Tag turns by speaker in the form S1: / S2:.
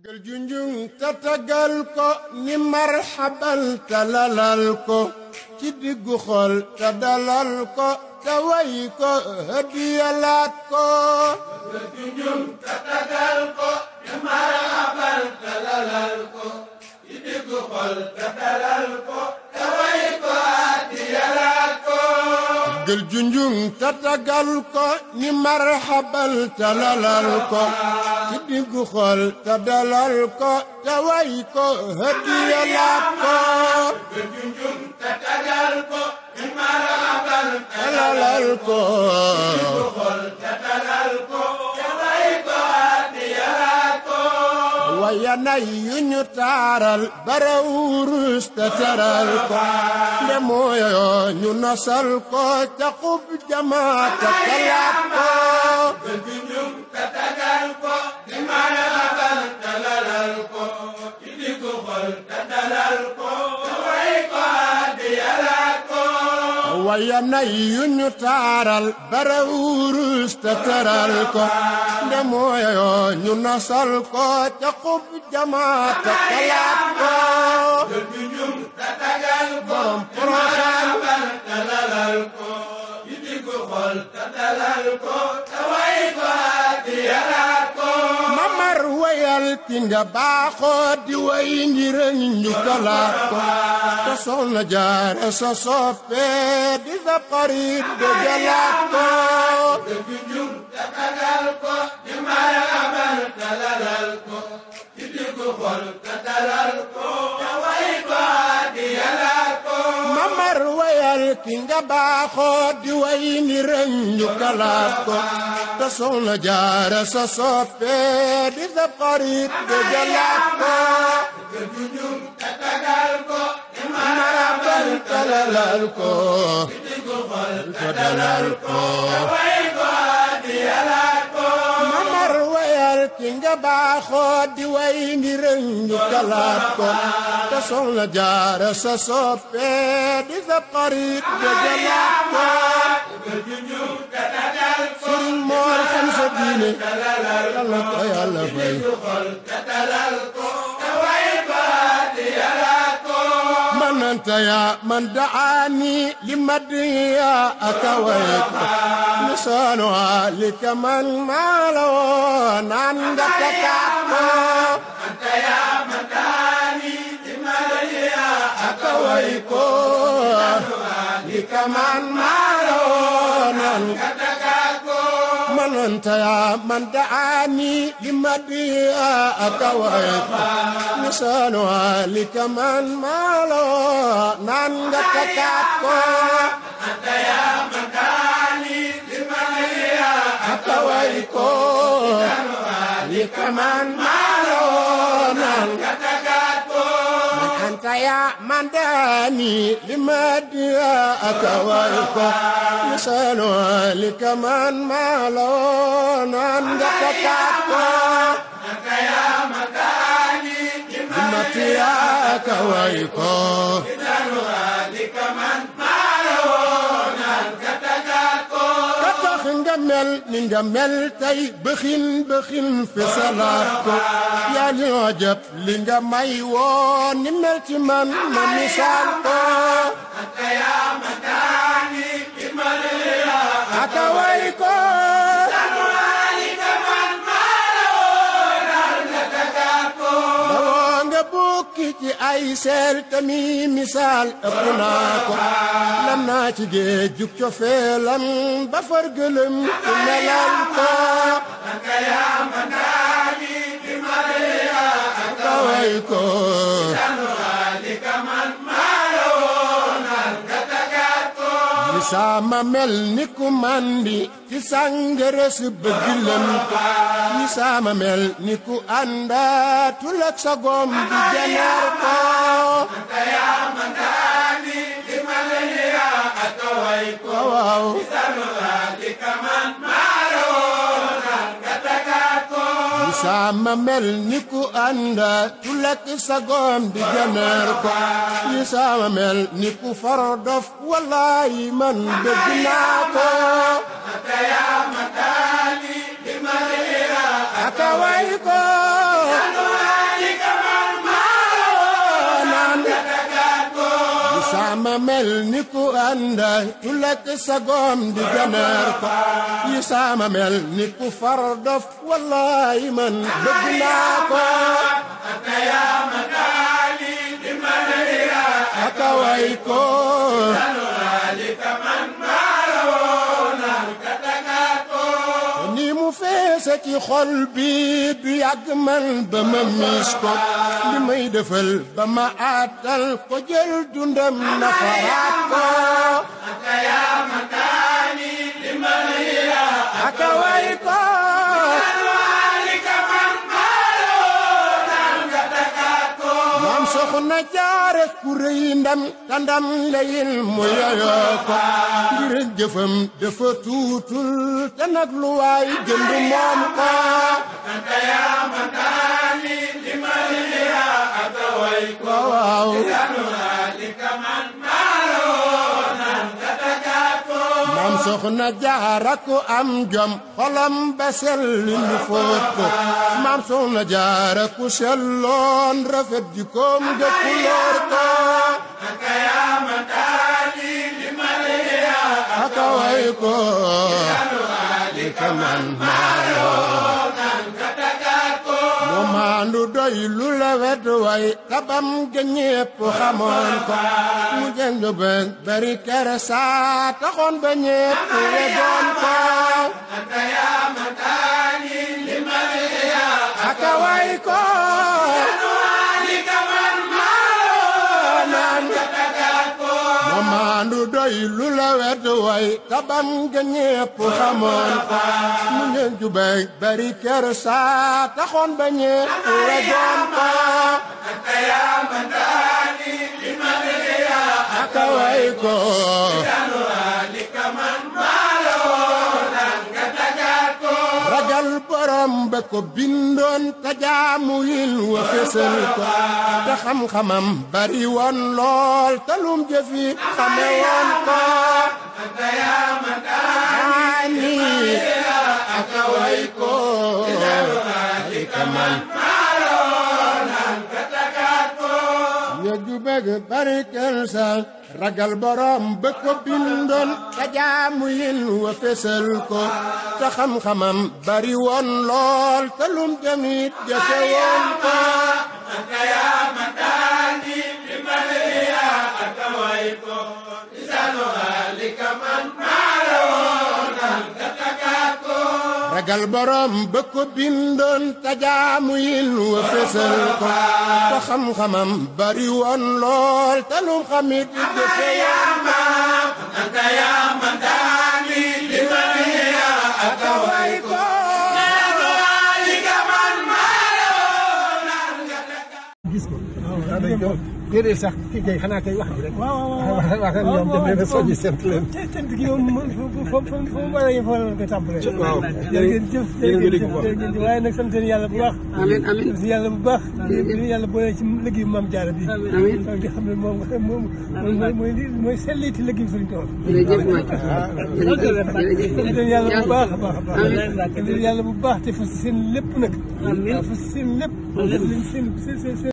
S1: tëggal junjung te tëggal ko ni marxabal te ci diggu xol te dalal ko diggu xol te dalal ko te way ko hëddiya laab ko te tagal ko i marabal te dalal ko diggu xol te dalal ko te yu ñu taaral bara wurus ko wayam na yu ñu taaral bara wurus te tëral ko nde mooyoo ñu nasal ko ca xub jamaata kalaat ko dëgg ñum te tagal ko poroxaan te lalal ko yi di ko xol te dalal ko waral ki nga baaxoo di way ngir ñu dolaat ko te soxna jaara sa soppee di sa xarit de jalaat ko de junjum te tagal ko di mara amal talalal ko di diggu xol te dalal ko Omar wayal ki nga di way ni rëñ ñu kalaat ko te soxna jaara sa soppe di sa xarit de jalaat ko te junjum te ko te marabal talalal ko te way ko di yàlla ci nga baaxoo di way ngir ñu kalaat ko te soxna jaara sa soppe di sa xarit ja jalaat ko sëriñ moor xam sa diine yàlla ko yàlla fay أنت يا من دعاني لمدعياك ويك لسانها لكمن ما لون عندك كعبة أنت يا من دعاني لمدعياك ويك لكمن ما لون عندك من أنت يا من دعاني لمدعياك ويك لسانها لكمن ماله نان غتكاتكو أنت يا مكاني لمن هي أتويكو لكمن ماله نان غتكاتكو أنت يا مداني لمدي أتويكو لسانها لكمن ماله نان غتكاتكو نعمتك ويكون إذا نهادك من mel ni nga mel tey bëxin bëxin fesalaat ko yaa ñoo jëp li nga may woo ni mel ci man ma misaal ko ci ay seel tami misaal ëpp naa ko lam naa ci géej jug cofeelam ba far gëlëm ci melal ko anka way ko sama mel ni ku mandi ci sàngara si bëgg lënt ni sama mel ni ku àndaatul ak sa gom di janaar ko waaw saama mel ni ku ànda tu lekk sa goom di janeer ko ni saama mel ni ku faro dof wallaayi man bëgg naa ko ànda ñu lekk sa goom di janeer ko yi saama mel nit ku far dof wallaay man bëgg naa ko akaway ko feese ci xol bi du yàgg man ba ma miis ko li may defal ba ma aatal ko jël dundam nafaraat ko aka yaa mataani li ma aka way ko soxna jaare ku rëy ndam ta ndam layil mu yoyoo ko ngir jëfam dafa tuutul te nag lu waay jënd moom ko anta yaa mataani li man yaa ataway ko waaw soxna jaara ku am jom xolam ba sell ñu fóot maam soxna jaara selloon rafet jikoom dëkku loor ko aka yaa ma taali li mariya aka way ko kaman maayoo maandu doy la wet way kabam ga xamoon ko lu bëgg bari kersa taxoon ba ñépp ya doon ko anta yaa mataani li mariya aka way ko maandu doy lu la wedd way tabam ga ñépp xamoon ko mu ngeen jubay bari kersa taxoon ba ñépp ya doon ko anta yaa mataani way ko sanu alika man maaloo nan nga tagaat ko ragal bindoon ka wa fesal ko xam-xamam bari lool talum jëfi xame woon ko barkel sa ragal borom ba ko bindoon ta jaamu yin wa fesal ko te xam-xamam bari woon lool te lum jamit jafe woon ko ragal borom ba ko bindoon tajaamu yin wa fésal ba xam-xamam bari woon lool talum xamit it gis ko. Ah, waaw day jox déedéet sax kii kay xanaa kay wax ji rek. waaw waaw waaw wax ak ñoom dem leen a soññi sant leen. sant gi moom fo fo fo mu waree foo leen koy tàmbalee. waaw yéen yéen nga dégg bu baax waaye nag sant yàlla bu baax. amiin amiin sant yàlla bu baax. amiin yàlla boole ci liggéey maam Jaara bi. amiin nga xam ne moom moom mooy mooy mooy selliti liggéey suñu tool. jërëjëf sant yàlla bu baax a baax a baax. sant yàlla bu baax te fas seen lépp nag. amiin fas seen lépp. seen seen seen